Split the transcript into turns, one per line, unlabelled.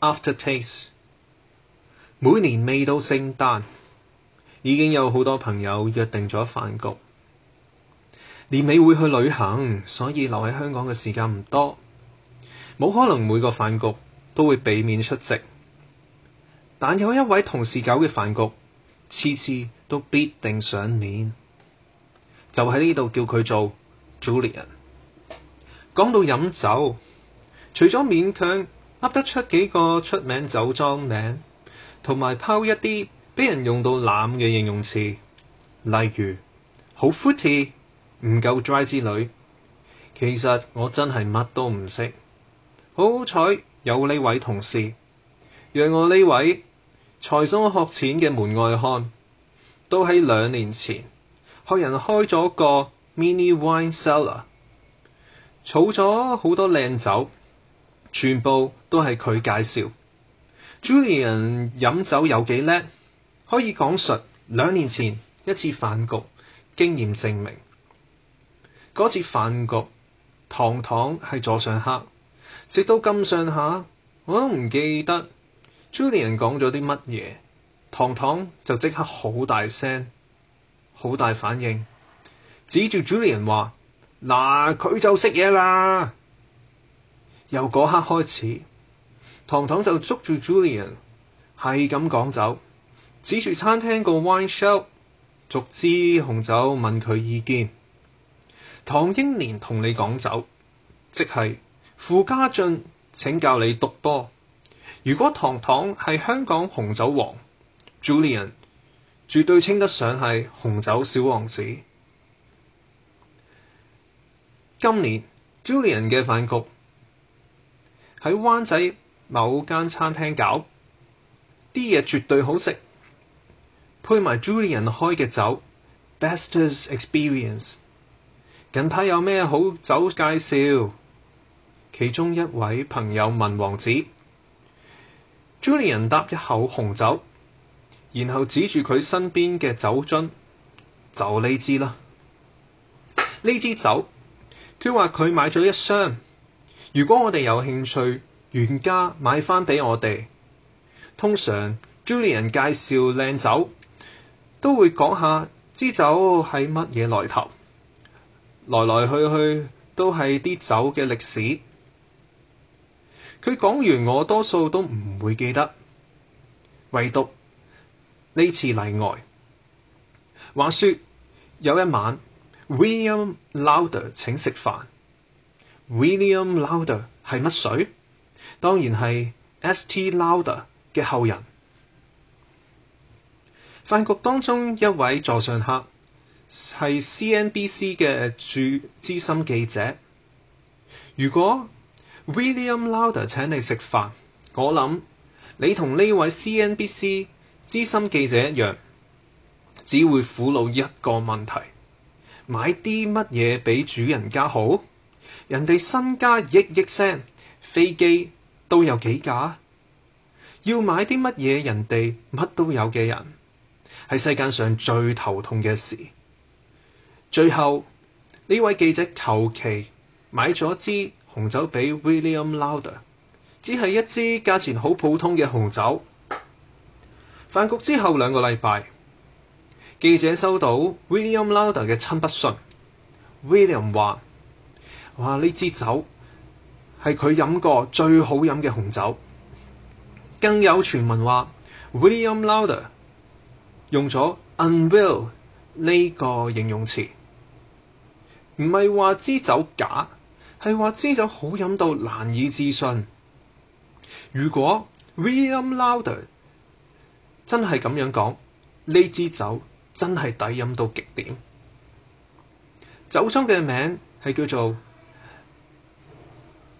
After Taste，每年未到聖誕已經有好多朋友約定咗飯局，年尾會去旅行，所以留喺香港嘅時間唔多，冇可能每個飯局都會避免出席。但有一位同事搞嘅飯局，次次都必定賞面，就喺呢度叫佢做 Julian。講到飲酒，除咗勉強，噏得出幾個出名酒莊名，同埋拋一啲俾人用到爛嘅形容詞，例如好 fruity、唔夠 dry 之類。其實我真係乜都唔識，好彩有呢位同事，讓我呢位才疏學淺嘅門外漢，都喺兩年前學人開咗個 mini wine cellar，儲咗好多靚酒。全部都係佢介紹。Julian 飲酒有幾叻，可以講述兩年前一次飯局，經驗證明。嗰次飯局，糖糖係坐上客，食到咁上下，我都唔記得 Julian 講咗啲乜嘢，糖糖就即刻好大聲，好大反應，指住 Julian 話：嗱，佢就識嘢啦。由嗰刻開始，糖糖就捉住 Julian，係咁講酒，指住餐廳個 wine shop，逐支紅酒問佢意見。唐英年同你講酒，即係「傅家俊請教你讀多」。如果糖糖係香港紅酒王，Julian 絕對稱得上係紅酒小王子。今年 Julian 嘅飯局。喺灣仔某間餐廳搞啲嘢，絕對好食。配埋 Julian 開嘅酒，best experience。近排有咩好酒介紹？其中一位朋友問王子，Julian 搭一口紅酒，然後指住佢身邊嘅酒樽，就呢支啦。呢支酒，佢話佢買咗一箱，如果我哋有興趣，原價買翻俾我哋，通常 Julian 介紹靚酒，都會講下支酒係乜嘢來頭，來來去去都係啲酒嘅歷史。佢講完我，我多數都唔會記得，唯獨呢次例外。話說有一晚，William Louder 請食飯。William Lauder 係乜水？當然係 S. T. Lauder 嘅後人。飯局當中一位座上客係 CNBC 嘅駐資深記者。如果 William Lauder 請你食飯，我諗你同呢位 CNBC 資深記者一樣，只會苦惱一個問題：買啲乜嘢俾主人家好？人哋身家億億聲，飛機都有幾架，要買啲乜嘢？人哋乜都有嘅人，係世界上最頭痛嘅事。最後呢位記者求其買咗支紅酒俾 William Lauder，只係一支價錢好普通嘅紅酒。飯局之後兩個禮拜，記者收到 William Lauder 嘅親筆信。William 話。哇！呢支酒係佢飲過最好飲嘅紅酒，更有傳聞話 William Lauder 用咗 unreal 呢個形容詞，唔係話支酒假，係話支酒好飲到難以置信。如果 William Lauder 真係咁樣講，呢支酒真係抵飲到極點。酒莊嘅名係叫做